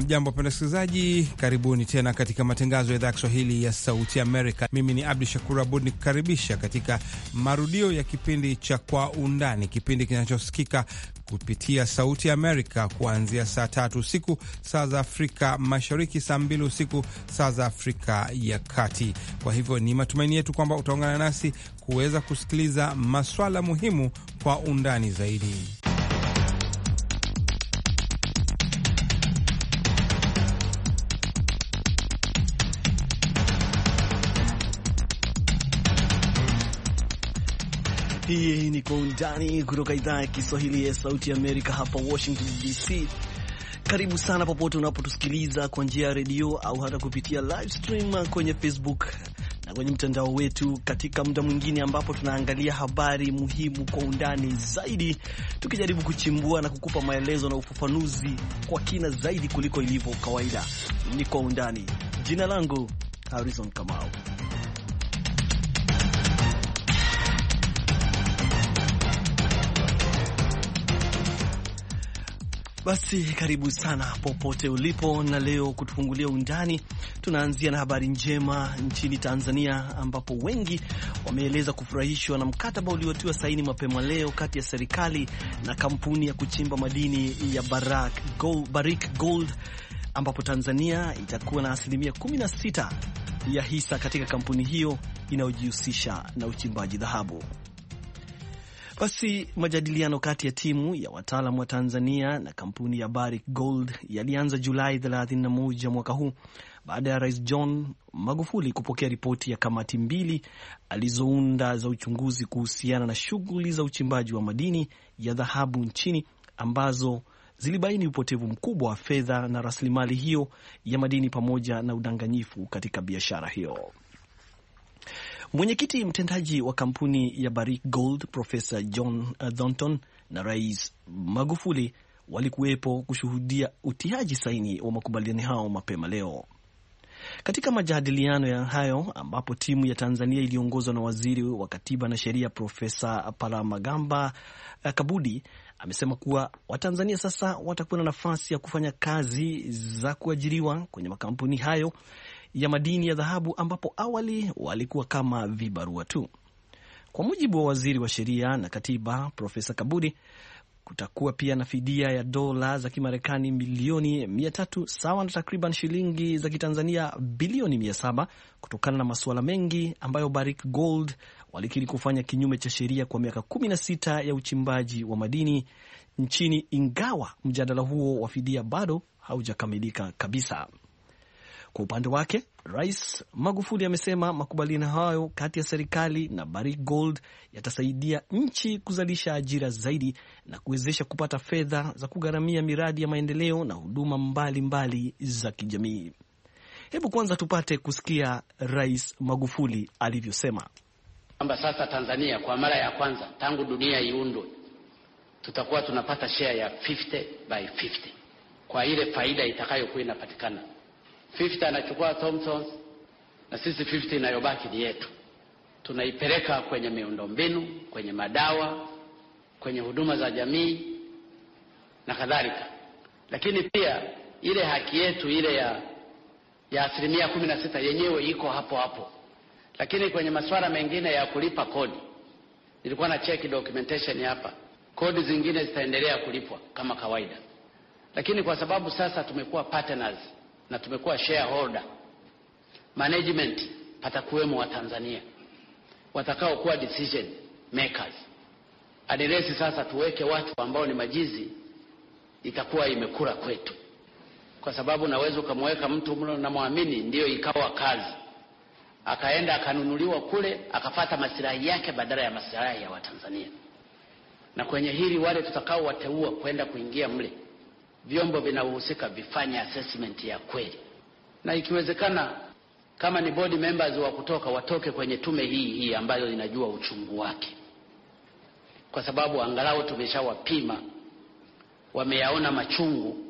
Hamjambo wapenda wasikilizaji, karibuni tena katika matangazo ya idhaa ya Kiswahili ya Sauti Amerika. Mimi ni Abdu Shakur Abud nikukaribisha katika marudio ya kipindi cha Kwa Undani, kipindi kinachosikika kupitia Sauti ya Amerika kuanzia saa tatu usiku saa za Afrika Mashariki, saa mbili usiku saa za Afrika ya Kati. Kwa hivyo ni matumaini yetu kwamba utaungana nasi kuweza kusikiliza maswala muhimu kwa undani zaidi. Hii ni Kwa Undani kutoka idhaa ya Kiswahili ya Sauti ya Amerika hapa Washington DC. Karibu sana popote unapotusikiliza kwa njia ya redio au hata kupitia live stream kwenye Facebook na kwenye mtandao wetu, katika muda mwingine ambapo tunaangalia habari muhimu kwa undani zaidi, tukijaribu kuchimbua na kukupa maelezo na ufafanuzi kwa kina zaidi kuliko ilivyo kawaida. Ni Kwa Undani. Jina langu Harrison Kamau. Basi karibu sana popote ulipo, na leo kutufungulia undani, tunaanzia na habari njema nchini Tanzania, ambapo wengi wameeleza kufurahishwa na mkataba uliotiwa saini mapema leo kati ya serikali na kampuni ya kuchimba madini ya barik Gold, Barrick Gold ambapo Tanzania itakuwa na asilimia 16 ya hisa katika kampuni hiyo inayojihusisha na uchimbaji dhahabu. Basi majadiliano kati ya timu ya wataalam wa Tanzania na kampuni ya Barrick Gold yalianza Julai 31 mwaka huu baada ya Rais John Magufuli kupokea ripoti ya kamati mbili alizounda za uchunguzi kuhusiana na shughuli za uchimbaji wa madini ya dhahabu nchini ambazo zilibaini upotevu mkubwa wa fedha na rasilimali hiyo ya madini pamoja na udanganyifu katika biashara hiyo. Mwenyekiti mtendaji wa kampuni ya Barrick Gold Profesa John uh, Thornton na Rais Magufuli walikuwepo kushuhudia utiaji saini wa makubaliano hao mapema leo. Katika majadiliano ya hayo ambapo timu ya Tanzania iliongozwa na waziri wa katiba na sheria Profesa Palamagamba uh, Kabudi amesema kuwa Watanzania sasa watakuwa na nafasi ya kufanya kazi za kuajiriwa kwenye makampuni hayo ya madini ya dhahabu ambapo awali walikuwa kama vibarua tu. Kwa mujibu wa waziri wa sheria na katiba Profesa Kabudi, kutakuwa pia na fidia ya dola za Kimarekani milioni 300 sawa na takriban shilingi za Kitanzania bilioni 700 kutokana na masuala mengi ambayo Barrick Gold walikiri kufanya kinyume cha sheria kwa miaka 16 ya uchimbaji wa madini nchini, ingawa mjadala huo wa fidia bado haujakamilika kabisa. Kwa upande wake, Rais Magufuli amesema makubaliano hayo kati ya serikali na Barrick Gold yatasaidia nchi kuzalisha ajira zaidi na kuwezesha kupata fedha za kugharamia miradi ya maendeleo na huduma mbalimbali za kijamii. Hebu kwanza tupate kusikia Rais Magufuli alivyosema kwamba sasa Tanzania kwa mara ya kwanza tangu dunia iundwe tutakuwa tunapata share ya 50 by 50 kwa ile faida itakayokuwa inapatikana 50 anachukua Thompsons na sisi 50 inayobaki ni yetu. Tunaipeleka kwenye miundombinu, kwenye madawa, kwenye huduma za jamii na kadhalika, lakini pia ile haki yetu ile ya, ya asilimia kumi na sita yenyewe iko hapo hapo, lakini kwenye masuala mengine ya kulipa kodi, nilikuwa na check documentation hapa, kodi zingine zitaendelea kulipwa kama kawaida, lakini kwa sababu sasa tumekuwa partners na tumekuwa shareholder management, patakuwemo Watanzania watakaokuwa decision makers. Adresi sasa tuweke watu ambao ni majizi, itakuwa imekura kwetu, kwa sababu naweza ukamweka mtu mlo namwamini, ndiyo ikawa kazi, akaenda akanunuliwa kule, akafata masilahi yake badala ya masilahi ya Watanzania. Na kwenye hili wale tutakao wateua kwenda kuingia mle vyombo vinavyohusika vifanye assessment ya kweli, na ikiwezekana, kama ni board members wa kutoka watoke kwenye tume hii hii ambayo inajua uchungu wake, kwa sababu angalau tumeshawapima, wameyaona machungu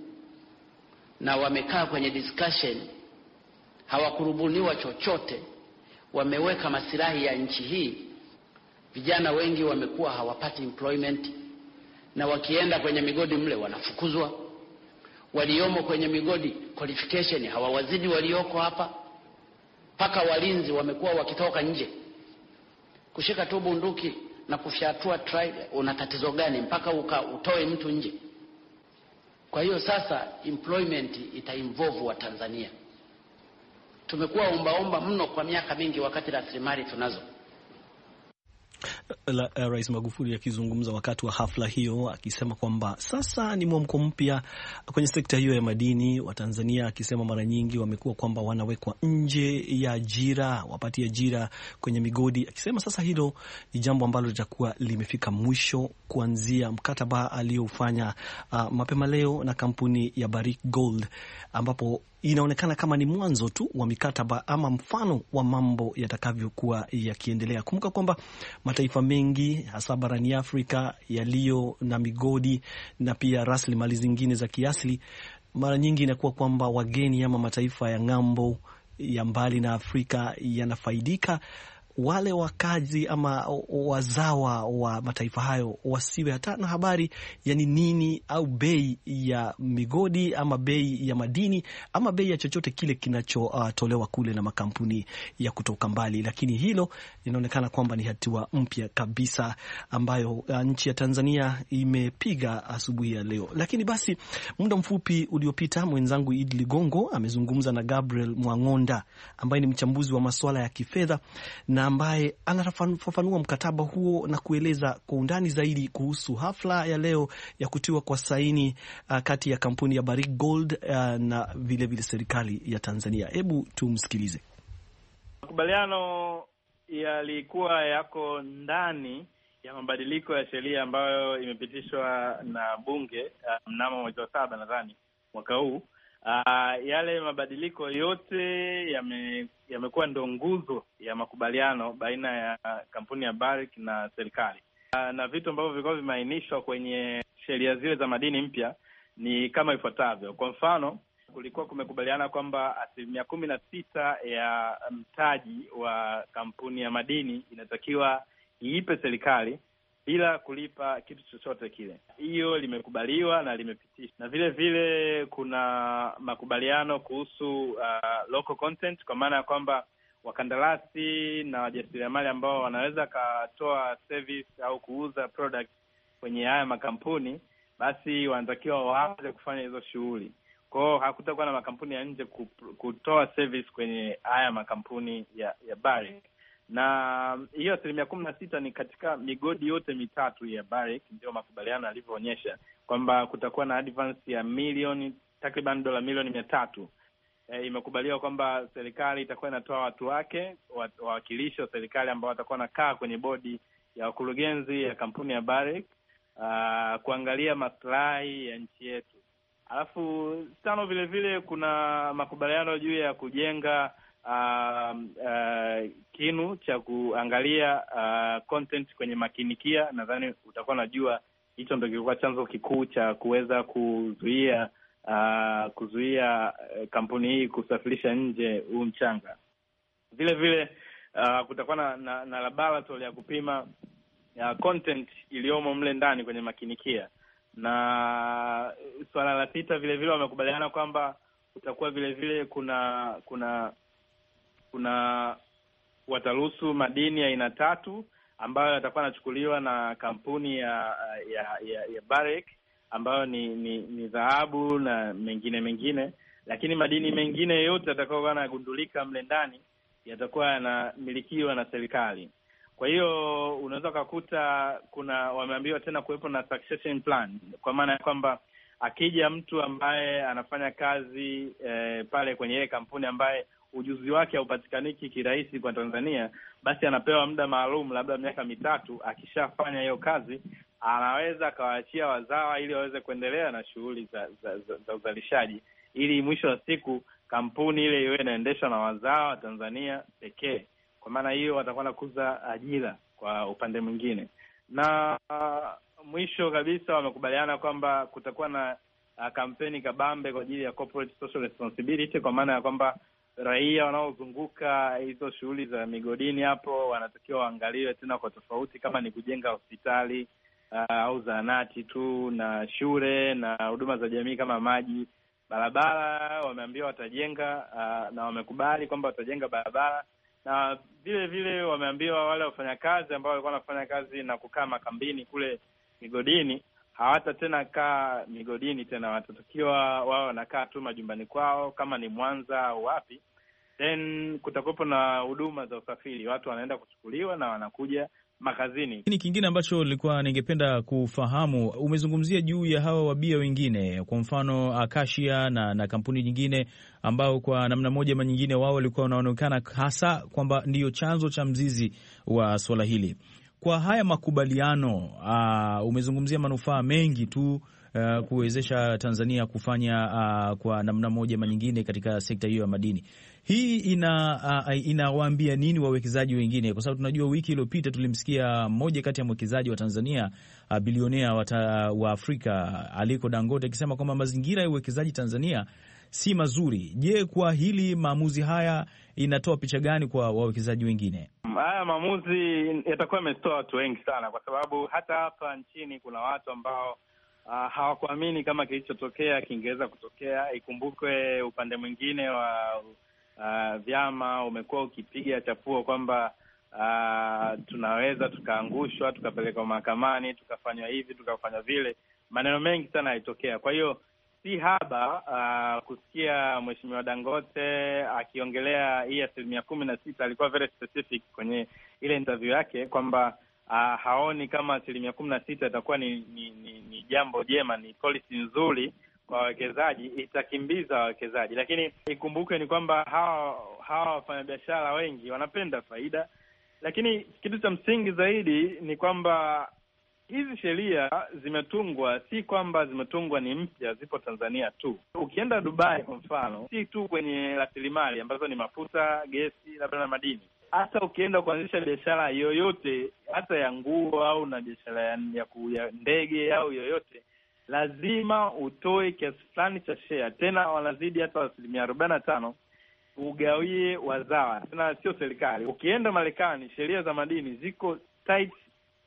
na wamekaa kwenye discussion, hawakurubuniwa chochote, wameweka masilahi ya nchi hii. Vijana wengi wamekuwa hawapati employment na wakienda kwenye migodi mle wanafukuzwa waliomo kwenye migodi qualification hawawazidi walioko hapa, mpaka walinzi wamekuwa wakitoka nje kushika tu bunduki na kufyatua try. Una tatizo gani mpaka uka utoe mtu nje? Kwa hiyo sasa employment ita involve wa Tanzania. Tumekuwa ombaomba mno kwa miaka mingi, wakati rasilimali tunazo. La, uh, Rais Magufuli akizungumza wakati wa hafla hiyo akisema kwamba sasa ni mwamko mpya kwenye sekta hiyo ya madini. Watanzania akisema mara nyingi wamekuwa kwamba wanawekwa nje ya ajira, wapati ajira kwenye migodi, akisema sasa hilo ni jambo ambalo litakuwa limefika mwisho kuanzia mkataba aliyoufanya uh, mapema leo na kampuni ya Barrick Gold ambapo inaonekana kama ni mwanzo tu wa mikataba ama mfano wa mambo yatakavyokuwa yakiendelea. Kumbuka kwamba mataifa mengi hasa barani Afrika yaliyo na migodi na pia rasilimali zingine za kiasili, mara nyingi inakuwa kwamba wageni ama mataifa ya ng'ambo ya mbali na Afrika yanafaidika wale wakazi ama wazawa wa mataifa hayo wasiwe hata na habari ya nini au bei ya migodi ama bei ya madini ama bei ya chochote kile kinachotolewa uh, kule na makampuni ya kutoka mbali. Lakini hilo linaonekana kwamba ni hatua mpya kabisa ambayo uh, nchi ya Tanzania imepiga asubuhi ya leo. Lakini basi, muda mfupi uliopita mwenzangu Idi Ligongo amezungumza na Gabriel Mwang'onda ambaye ni mchambuzi wa masuala ya kifedha na ambaye anafafanua mkataba huo na kueleza kwa undani zaidi kuhusu hafla ya leo ya kutiwa kwa saini uh, kati ya kampuni ya Barrick Gold uh, na vilevile vile serikali ya Tanzania. Hebu tumsikilize. Makubaliano yalikuwa yako ndani ya mabadiliko ya sheria ambayo imepitishwa na bunge uh, mnamo mwezi wa saba nadhani mwaka huu Uh, yale mabadiliko yote yame, yamekuwa ndo nguzo ya makubaliano baina ya kampuni ya Barrick na serikali. Uh, na vitu ambavyo vilikuwa vimeainishwa kwenye sheria zile za madini mpya ni kama ifuatavyo. Kwa mfano, kulikuwa kumekubaliana kwamba asilimia kumi na sita ya mtaji wa kampuni ya madini inatakiwa iipe serikali bila kulipa kitu chochote kile. Hiyo limekubaliwa na limepitishwa, na vile vile kuna makubaliano kuhusu uh, local content, kwa maana ya kwamba wakandarasi na wajasiriamali ambao wanaweza katoa service au kuuza product kwenye haya makampuni, basi wanatakiwa waanze kufanya hizo shughuli. Kwao hakutakuwa na makampuni ya nje kutoa service kwenye haya makampuni ya ya Barrick na hiyo asilimia kumi na sita ni katika migodi yote mitatu ya Barrick, ndio makubaliano yalivyoonyesha kwamba kutakuwa na advance ya milioni takriban dola milioni mia tatu. E, imekubaliwa kwamba serikali itakuwa inatoa watu wake wawakilishi wa serikali ambao watakuwa wanakaa kwenye bodi ya wakurugenzi ya kampuni ya Barrick uh, kuangalia maslahi ya nchi yetu. Alafu tano, vilevile kuna makubaliano juu ya kujenga uh, uh, kinu cha kuangalia uh, content kwenye makinikia, nadhani utakuwa unajua hicho ndo kilikuwa chanzo kikuu cha kuweza kuzuia uh, kuzuia uh, kampuni hii kusafirisha nje huu mchanga. Vile vile uh, kutakuwa na, na, na laboratory ya kupima uh, content iliyomo mle ndani kwenye makinikia. Na suala la sita vile vile wamekubaliana kwamba kutakuwa vile vile kuna kuna kuna wataruhusu madini ya aina tatu ambayo yatakuwa yanachukuliwa na kampuni ya ya, ya, ya Barrick ambayo ni dhahabu ni, dhahabu na mengine mengine, lakini madini mengine yote yatakayokuwa yanagundulika mle ndani yatakuwa yanamilikiwa na serikali. Kwa hiyo unaweza ukakuta kuna wameambiwa tena kuwepo na plan, kwa maana ya kwamba akija mtu ambaye anafanya kazi eh, pale kwenye ile kampuni ambaye ujuzi wake haupatikaniki kirahisi kwa Tanzania, basi anapewa muda maalum, labda miaka mitatu. Akishafanya hiyo kazi, anaweza akawaachia wazawa ili waweze kuendelea na shughuli za, za, za, za uzalishaji, ili mwisho wa siku kampuni ile iwe inaendeshwa na wazawa wa Tanzania pekee. Kwa maana hiyo watakuwa nakuza ajira kwa upande mwingine na uh, mwisho kabisa wamekubaliana kwamba kutakuwa na uh, kampeni kabambe kwa ajili ya corporate social responsibility, kwa maana ya kwamba raia wanaozunguka hizo shughuli za migodini hapo wanatakiwa waangaliwe tena kwa tofauti, kama ni kujenga hospitali uh, au zahanati tu na shule na huduma za jamii kama maji, barabara. Wameambiwa watajenga uh, na wamekubali kwamba watajenga barabara na vile vile wameambiwa wale wafanyakazi ambao walikuwa wanafanya kazi na kukaa makambini kule migodini hawata tena kaa migodini tena, watatakiwa wao wanakaa tu majumbani kwao, kama ni Mwanza au wapi, then kutakuwepo na huduma za usafiri, watu wanaenda kuchukuliwa na wanakuja makazini. Ni kingine ambacho nilikuwa ningependa kufahamu, umezungumzia juu ya hawa wabia wengine, kwa mfano akashia na, na kampuni nyingine ambao kwa namna moja ama nyingine wao walikuwa wanaonekana hasa kwamba ndiyo chanzo cha mzizi wa swala hili kwa haya makubaliano uh, umezungumzia manufaa mengi tu uh, kuwezesha Tanzania kufanya uh, kwa namna moja ama nyingine katika sekta hiyo ya madini. Hii ina uh, inawaambia nini wawekezaji wengine? Kwa sababu tunajua wiki iliyopita tulimsikia mmoja kati ya mwekezaji wa Tanzania uh, bilionea wa, ta, wa Afrika Aliko Dangote akisema kwamba mazingira ya uwekezaji Tanzania si mazuri. Je, kwa hili maamuzi haya inatoa picha gani kwa wawekezaji wengine? Haya maamuzi yatakuwa yametoa watu wengi sana, kwa sababu hata hapa nchini kuna watu ambao Uh, hawakuamini kama kilichotokea kingeweza kutokea. Ikumbukwe upande mwingine wa uh, vyama umekuwa ukipiga chapuo kwamba uh, tunaweza tukaangushwa, tukapelekwa mahakamani, tukafanywa hivi, tukafanywa vile, maneno mengi sana yalitokea. Kwa hiyo si haba uh, kusikia Mheshimiwa Dangote akiongelea hii asilimia kumi na sita. Alikuwa very specific kwenye ile interview yake kwamba uh, haoni kama asilimia kumi na sita itakuwa ni, ni, ni, ni jambo jema, ni policy nzuri kwa wawekezaji, itakimbiza wawekezaji. Lakini ikumbuke ni kwamba hawa hawa wafanyabiashara wengi wanapenda faida, lakini kitu cha msingi zaidi ni kwamba hizi sheria zimetungwa, si kwamba zimetungwa ni mpya, zipo Tanzania tu. Ukienda Dubai kwa mfano, si tu kwenye rasilimali ambazo ni mafuta, gesi, labda na madini hata ukienda kuanzisha biashara yoyote hata ya nguo au na biashara ya, ya, ya ndege au yoyote, lazima utoe kiasi fulani cha shea, tena wanazidi hata asilimia arobaini na tano ugawie wazawa, tena sio serikali. Ukienda Marekani, sheria za madini ziko tight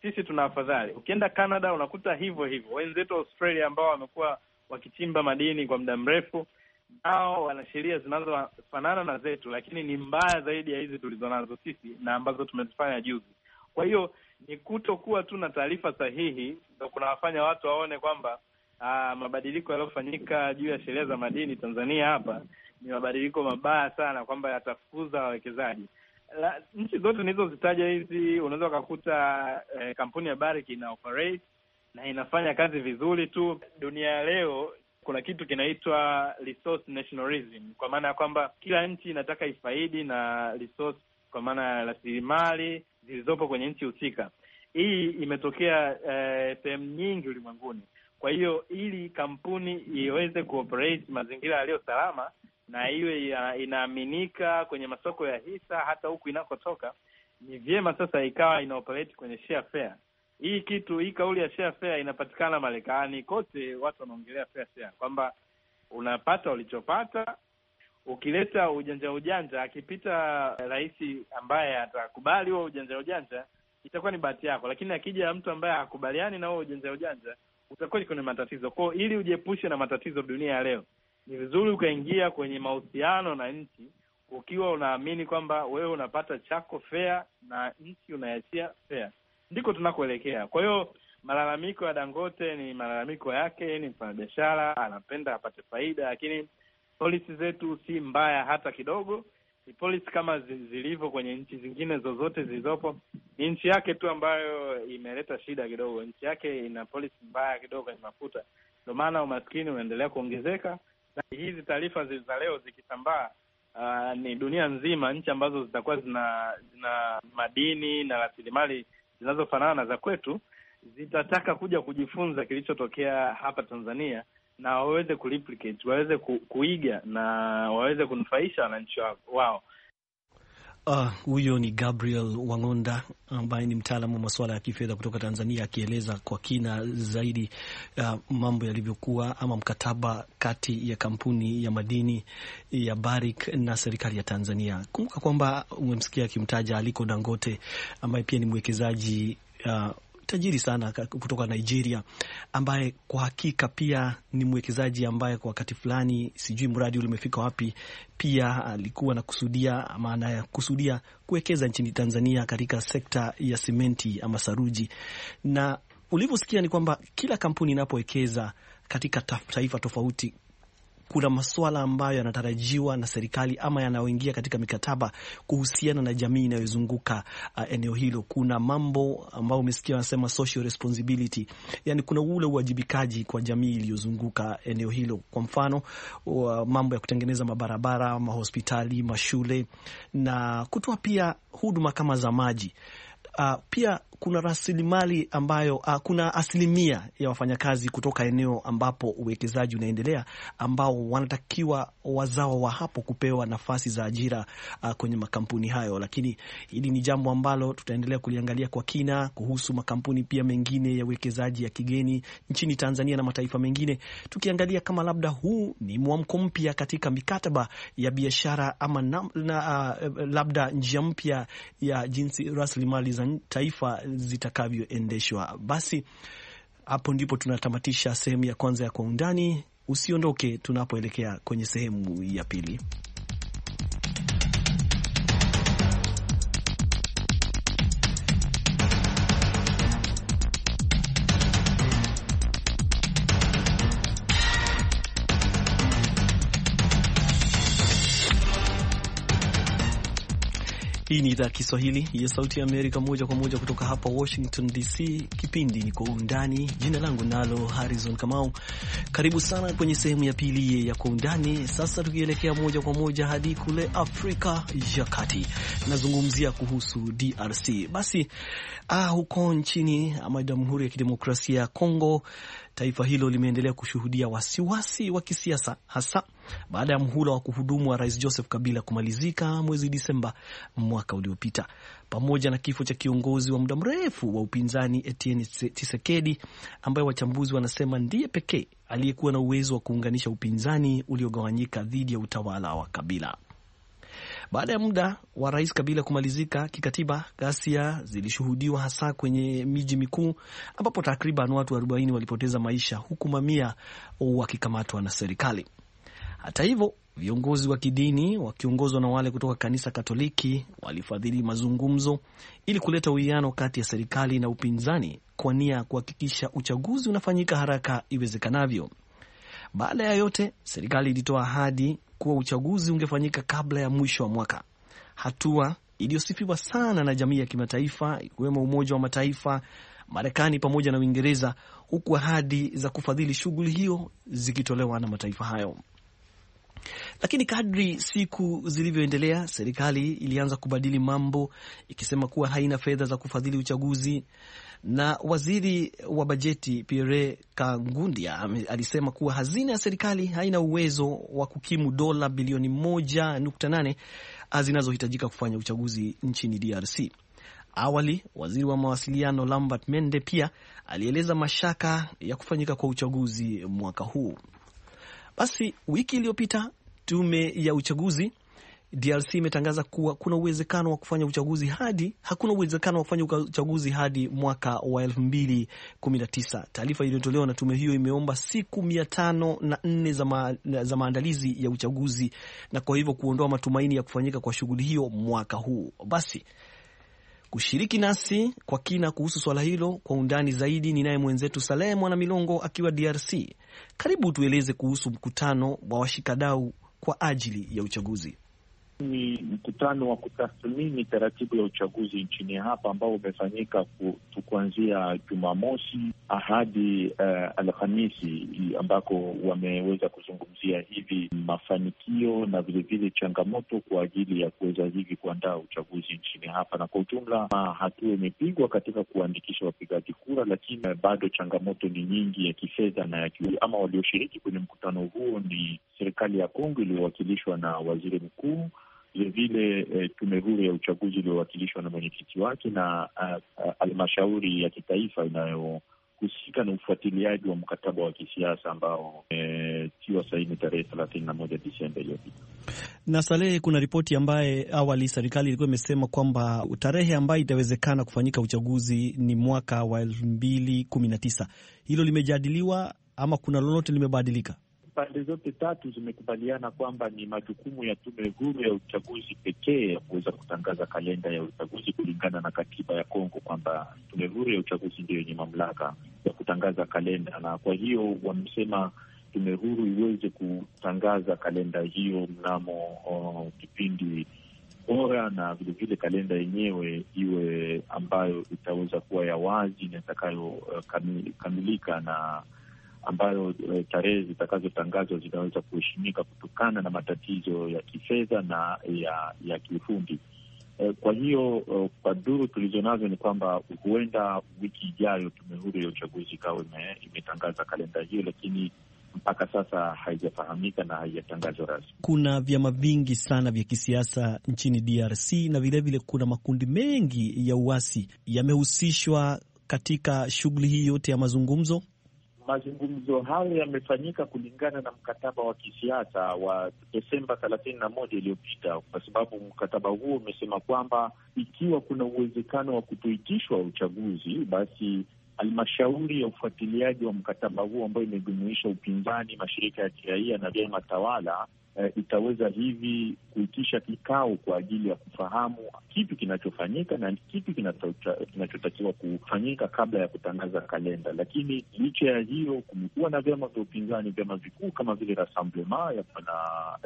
sisi tuna afadhali. Ukienda Canada unakuta hivyo hivyo. Wenzetu Australia ambao wamekuwa wakichimba madini kwa muda mrefu, nao wana sheria zinazofanana na zetu, lakini ni mbaya zaidi ya hizi tulizonazo sisi na ambazo tumezifanya juzi. Kwa hiyo ni kutokuwa tu na taarifa sahihi ndo kunawafanya watu waone kwamba aa, ah, mabadiliko yaliyofanyika juu ya sheria za madini Tanzania hapa ni mabadiliko mabaya sana, kwamba yatafukuza wawekezaji la, nchi zote nilizozitaja hizi unaweza ukakuta eh, kampuni ya Barrick ina operate na inafanya kazi vizuri tu. Dunia ya leo kuna kitu kinaitwa resource nationalism, kwa maana ya kwamba kila nchi inataka ifaidi na resource, kwa maana ya rasilimali zilizopo kwenye nchi husika. Hii imetokea eh, sehemu eh, nyingi ulimwenguni. Kwa hiyo ili kampuni iweze kuoperate mazingira yaliyo salama na hiyo inaaminika kwenye masoko ya hisa hata huku inakotoka, ni vyema sasa ikawa inaoperate kwenye share fair. Hii kitu hii kauli ya share fair inapatikana Marekani kote, watu wanaongelea fair share kwamba unapata ulichopata. Ukileta ujanja ujanja, akipita rais ambaye atakubali huo ujanja ujanja, itakuwa ni bahati yako, lakini akija mtu ambaye hakubaliani na huo ujanja ujanja, utakuwa kwenye matatizo kwao. Ili ujiepushe na matatizo dunia ya leo ni vizuri ukaingia kwenye mahusiano na nchi ukiwa unaamini kwamba wewe unapata chako fair na nchi unayachia fair. Ndiko tunakoelekea. Kwa hiyo malalamiko ya Dangote ni malalamiko yake, ni mfanyabiashara anapenda apate faida, lakini polisi zetu si mbaya hata kidogo. Ni polisi kama zilivyo kwenye nchi zingine zozote zilizopo. Ni nchi yake tu ambayo imeleta shida kidogo. Nchi yake ina polisi mbaya kidogo kwenye mafuta, ndio maana umaskini unaendelea kuongezeka na hizi taarifa za leo zikisambaa, uh, ah, ni dunia nzima, nchi ambazo zitakuwa zina zina madini na rasilimali zinazofanana na za kwetu zitataka kuja kujifunza kilichotokea hapa Tanzania na waweze kureplicate, waweze kuiga na waweze kunufaisha wananchi wao. Uh, huyo uh, ni Gabriel Wang'onda ambaye ni mtaalamu wa masuala ya kifedha kutoka Tanzania akieleza kwa kina zaidi uh, mambo yalivyokuwa ama mkataba kati ya kampuni ya madini ya Barrick na serikali ya Tanzania. Kumbuka kwamba umemsikia akimtaja Aliko Dangote ambaye pia ni mwekezaji Uh, tajiri sana kutoka Nigeria ambaye kwa hakika pia ni mwekezaji ambaye kwa wakati fulani, sijui mradi ule umefika wapi, pia alikuwa nakusudia ama anakusudia kuwekeza nchini Tanzania katika sekta ya simenti ama saruji, na ulivyosikia ni kwamba kila kampuni inapowekeza katika taifa tofauti kuna masuala ambayo yanatarajiwa na serikali ama yanayoingia katika mikataba kuhusiana na jamii inayozunguka uh, eneo hilo. Kuna mambo ambayo umesikia wanasema social responsibility, yani kuna ule uwajibikaji kwa jamii iliyozunguka eneo hilo, kwa mfano uh, mambo ya kutengeneza mabarabara, mahospitali, mashule na kutoa pia huduma kama za maji. Uh, pia kuna rasilimali ambayo uh, kuna asilimia ya wafanyakazi kutoka eneo ambapo uwekezaji unaendelea ambao wanatakiwa wazao wa hapo kupewa nafasi za ajira uh, kwenye makampuni hayo, lakini hili ni jambo ambalo tutaendelea kuliangalia kwa kina kuhusu makampuni pia mengine ya uwekezaji ya kigeni nchini Tanzania na mataifa mengine, tukiangalia kama labda huu ni mwamko mpya katika mikataba ya biashara ama na, na, uh, labda njia mpya ya jinsi rasilimali za taifa zitakavyoendeshwa. Basi hapo ndipo tunatamatisha sehemu ya kwanza ya Kwa Undani. Usiondoke tunapoelekea kwenye sehemu ya pili. Hii ni idhaa ya Kiswahili ya Sauti ya Amerika, moja kwa moja kutoka hapa Washington DC. Kipindi ni Kwa Undani. Jina langu nalo Harrison Kamau. Karibu sana kwenye sehemu ya pili ya Kwa Undani, sasa tukielekea moja kwa moja hadi kule Afrika ya Kati. Nazungumzia kuhusu DRC. Basi ah, huko nchini ama Jamhuri ya Kidemokrasia ya Kongo taifa hilo limeendelea kushuhudia wasiwasi wa kisiasa hasa baada ya mhula wa kuhudumu wa Rais Joseph Kabila kumalizika mwezi Disemba mwaka uliopita, pamoja na kifo cha kiongozi wa muda mrefu wa upinzani Etienne Tshisekedi ambaye wachambuzi wanasema ndiye pekee aliyekuwa na uwezo wa kuunganisha upinzani uliogawanyika dhidi ya utawala wa Kabila. Baada ya muda wa rais Kabila kumalizika kikatiba, ghasia zilishuhudiwa hasa kwenye miji mikuu ambapo takriban watu 40 walipoteza maisha huku mamia wakikamatwa na serikali. Hata hivyo, viongozi wa kidini wakiongozwa na wale kutoka kanisa Katoliki walifadhili mazungumzo ili kuleta uwiano kati ya serikali na upinzani kwa nia ya kuhakikisha uchaguzi unafanyika haraka iwezekanavyo. Baada ya yote, serikali ilitoa ahadi kuwa uchaguzi ungefanyika kabla ya mwisho wa mwaka, hatua iliyosifiwa sana na jamii ya kimataifa ikiwemo Umoja wa Mataifa, Marekani pamoja na Uingereza, huku ahadi za kufadhili shughuli hiyo zikitolewa na mataifa hayo. Lakini kadri siku zilivyoendelea, serikali ilianza kubadili mambo ikisema kuwa haina fedha za kufadhili uchaguzi, na waziri wa bajeti Pierre Kangundia alisema kuwa hazina ya serikali haina uwezo wa kukimu dola bilioni 1.8 ah, zinazohitajika kufanya uchaguzi nchini DRC. Awali waziri wa mawasiliano Lambert Mende pia alieleza mashaka ya kufanyika kwa uchaguzi mwaka huu. Basi wiki iliyopita tume ya uchaguzi DRC imetangaza kuwa kuna uwezekano wa kufanya uchaguzi hadi hakuna uwezekano wa kufanya uchaguzi hadi mwaka wa 2019. Taarifa iliyotolewa na tume hiyo imeomba siku mia tano na nne za, ma, za maandalizi ya uchaguzi na kwa hivyo kuondoa matumaini ya kufanyika kwa shughuli hiyo mwaka huu. Basi Kushiriki nasi kwa kina kuhusu swala hilo kwa undani zaidi, ninaye mwenzetu Salehe Mwana Milongo akiwa DRC. Karibu tueleze kuhusu mkutano wa washikadau kwa ajili ya uchaguzi ni mkutano wa kutathmini taratibu ya uchaguzi nchini hapa ambao umefanyika kuanzia Jumamosi hadi uh, eh, Alhamisi, ambako wameweza kuzungumzia hivi mafanikio na vilevile changamoto kwa ajili ya kuweza hivi kuandaa uchaguzi nchini hapa, na kwa ujumla hatua imepigwa katika kuandikisha wapigaji kura, lakini eh, bado changamoto ni nyingi ya kifedha na ya kiu. Ama walioshiriki kwenye mkutano huo ni serikali ya Kongo iliyowakilishwa na waziri mkuu vilevile e, eh, tume huru ya uchaguzi iliyowakilishwa na mwenyekiti wake na halmashauri ya kitaifa inayohusika na ufuatiliaji wa mkataba wa kisiasa ambao eh, umetiwa e, saini tarehe thelathini na moja Disemba iliyopita. Na Salehe, kuna ripoti ambaye awali serikali ilikuwa imesema kwamba tarehe ambayo itawezekana kufanyika uchaguzi ni mwaka wa elfu mbili kumi na tisa. Hilo limejadiliwa ama kuna lolote limebadilika? pande zote tatu zimekubaliana kwamba ni majukumu ya tume huru ya uchaguzi pekee ya kuweza kutangaza kalenda ya uchaguzi kulingana na katiba ya Kongo, kwamba tume huru ya uchaguzi ndiyo yenye mamlaka ya kutangaza kalenda, na kwa hiyo wamesema tume huru iweze kutangaza kalenda hiyo mnamo kipindi bora na vilevile kalenda yenyewe iwe ambayo itaweza kuwa ya wazi na itakayokamilika eh, uh, na ambayo e, tarehe zitakazotangazwa zinaweza kuheshimika kutokana na matatizo ya kifedha na ya ya kiufundi. E, kwa hiyo eh, kwa duru tulizonazo ni kwamba huenda wiki ijayo tume huru ya uchaguzi ikawa imetangaza kalenda hiyo, lakini mpaka sasa haijafahamika na haijatangazwa rasmi. Kuna vyama vingi sana vya kisiasa nchini DRC na vilevile vile kuna makundi mengi ya uasi yamehusishwa katika shughuli hii yote ya mazungumzo mazungumzo hayo yamefanyika kulingana na mkataba wa kisiasa wa Desemba thelathini na moja iliyopita, kwa sababu mkataba huo umesema kwamba ikiwa kuna uwezekano wa kutoitishwa uchaguzi, basi Halmashauri ya ufuatiliaji wa mkataba huo ambayo imejumuisha upinzani, mashirika ya kiraia na vyama tawala e, itaweza hivi kuitisha kikao kwa ajili ya kufahamu kipi kinachofanyika na kipi kinachotakiwa kufanyika kabla ya kutangaza kalenda. Lakini licha ya hiyo, kumekuwa na vyama vya upinzani, vyama vikuu kama vile Rassemblement ya bwana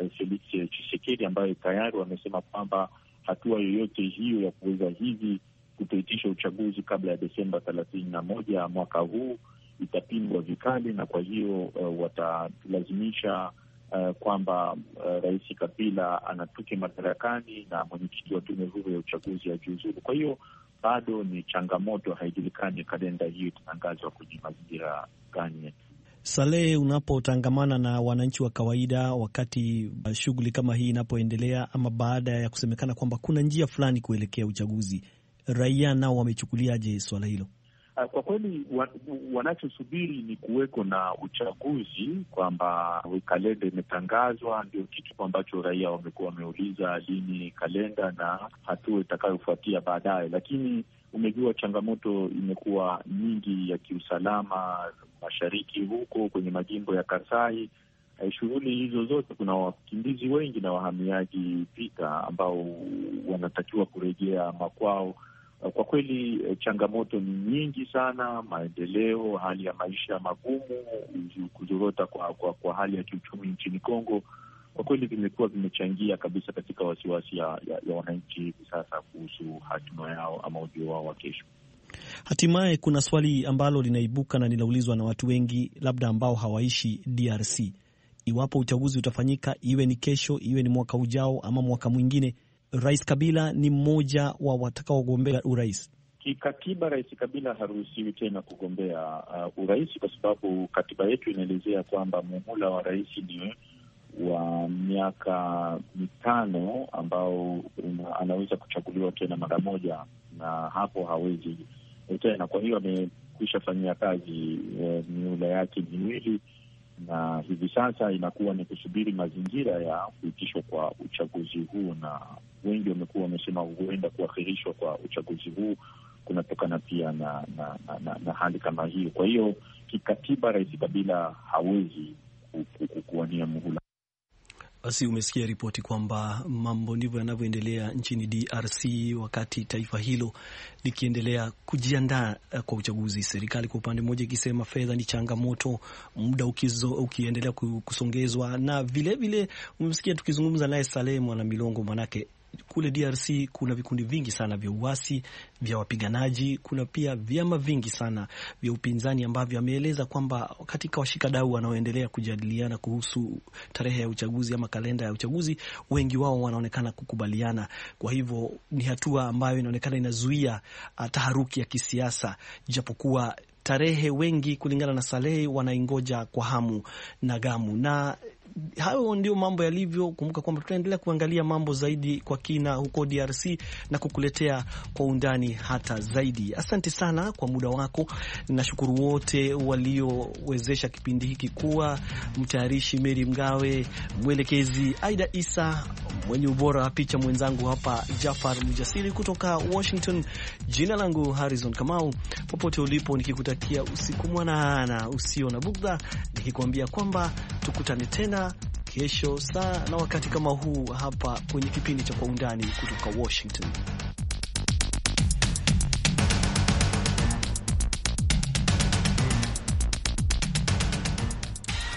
eh, Felix Tshisekedi ambayo tayari wamesema kwamba hatua yoyote hiyo ya kuweza hivi kutoitisha uchaguzi kabla ya Desemba thelathini na moja mwaka huu itapingwa vikali, na kwa hiyo uh, watalazimisha uh, kwamba uh, Rais Kabila anatuke madarakani na mwenyekiti wa tume huru ya uchaguzi ajiuzulu. Kwa hiyo bado ni changamoto, haijulikani kalenda hiyo itatangazwa kwenye mazingira gani. Salehe, unapotangamana na wananchi wa kawaida wakati uh, shughuli kama hii inapoendelea, ama baada ya kusemekana kwamba kuna njia fulani kuelekea uchaguzi, raia nao wamechukuliaje swala hilo? Ah, kwa kweli wanachosubiri ni kuweko na uchaguzi, kwamba kalenda imetangazwa, ndio kitu ambacho raia wamekuwa wameuliza, lini kalenda na hatua itakayofuatia baadaye. Lakini umejua changamoto imekuwa nyingi ya kiusalama mashariki huko kwenye majimbo ya Kasai. Eh, shughuli hizo zote, kuna wakimbizi wengi na wahamiaji pita ambao wanatakiwa kurejea makwao Eh, kwa kweli eh, changamoto ni nyingi sana: maendeleo, hali ya maisha magumu, kuzorota kwa, kwa, kwa hali ya kiuchumi nchini Kongo. Kwa kweli vimekuwa vimechangia kabisa katika wasiwasi ya, ya, ya wananchi hivi sasa kuhusu hatima yao ama ujio wao wa kesho. Hatimaye kuna swali ambalo linaibuka na linaulizwa na watu wengi, labda ambao hawaishi DRC, iwapo uchaguzi utafanyika, iwe ni kesho, iwe ni mwaka ujao ama mwaka mwingine Rais Kabila ni mmoja wa watakaogombea urais. Kikatiba Rais Kabila haruhusiwi tena kugombea uh, urais kwa sababu katiba yetu inaelezea kwamba muhula wa rais ni wa miaka mitano ambao anaweza kuchaguliwa tena mara moja, na hapo hawezi tena. Kwa hiyo amekwisha fanyia kazi uh, miula yake miwili na hivi sasa inakuwa ni kusubiri mazingira ya kuitishwa kwa uchaguzi huu, na wengi wamekuwa wamesema huenda kuahirishwa kwa uchaguzi huu kunatokana pia na na, na, na na hali kama hiyo. Kwa hiyo kikatiba, Rais Kabila hawezi kuwania muhula. Basi umesikia ripoti kwamba mambo ndivyo yanavyoendelea nchini DRC wakati taifa hilo likiendelea kujiandaa eh, kwa uchaguzi, serikali kwa upande mmoja ikisema fedha ni changamoto, muda ukizo, ukiendelea kusongezwa, na vilevile umesikia tukizungumza naye Salehe Mwanamilongo, Milongo, manake kule DRC kuna vikundi vingi sana vya uasi vya wapiganaji, kuna pia vyama vingi sana vya upinzani ambavyo ameeleza kwamba katika washikadau wanaoendelea kujadiliana kuhusu tarehe ya uchaguzi ama kalenda ya uchaguzi, wengi wao wanaonekana kukubaliana. Kwa hivyo ni hatua ambayo inaonekana inazuia ah, taharuki ya kisiasa, japokuwa tarehe wengi kulingana na Salehi wanaingoja kwa hamu na gamu na hayo ndio mambo yalivyo. Kumbuka kwamba tutaendelea kuangalia mambo zaidi kwa kina huko DRC na kukuletea kwa undani hata zaidi. Asante sana kwa muda wako. Nashukuru wote waliowezesha kipindi hiki kuwa mtayarishi Meri Mgawe, mwelekezi Aida Isa, mwenye ubora wa picha mwenzangu hapa Jafar Mjasiri kutoka Washington. Jina langu Harrison Kamau, popote ulipo, nikikutakia usiku mwanana usio na bugdha, nikikwambia kwamba tukutane tena tena kesho saa na wakati kama huu hapa kwenye kipindi cha Kwa Undani kutoka Washington.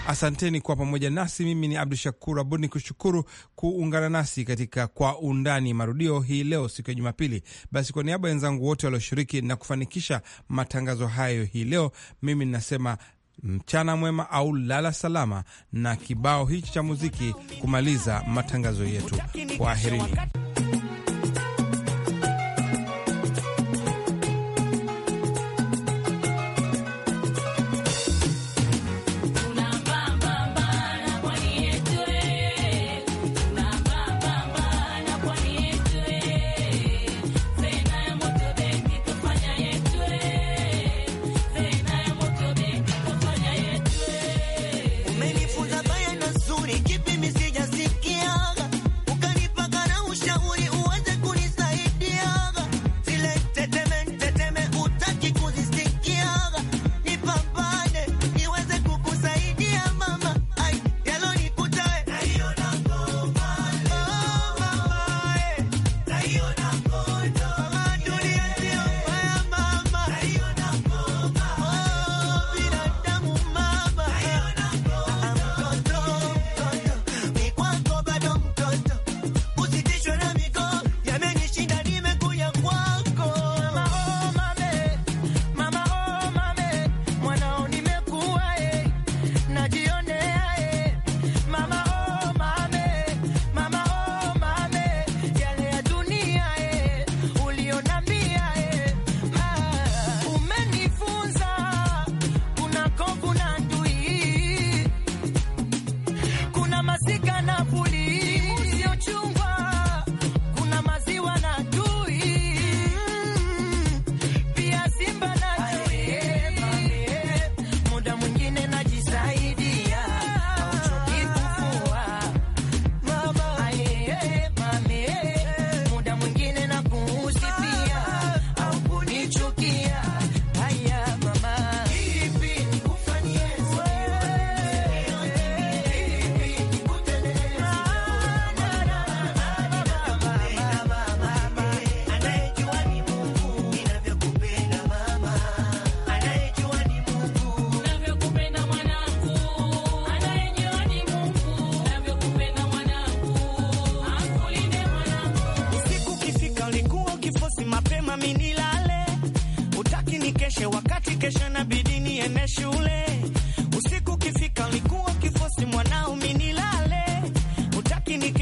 Asanteni kwa pamoja nasi. Mimi ni Abdu Shakur Abud, ni kushukuru kuungana nasi katika Kwa Undani marudio hii leo, siku ya Jumapili. Basi kwa niaba ya wenzangu wote walioshiriki na kufanikisha matangazo hayo hii leo, mimi ninasema mchana mwema au lala salama, na kibao hichi cha muziki kumaliza matangazo yetu. Kwaherini.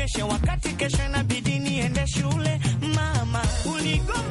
niendeshe, wakati kesho inabidi niende shule. Mama uligoma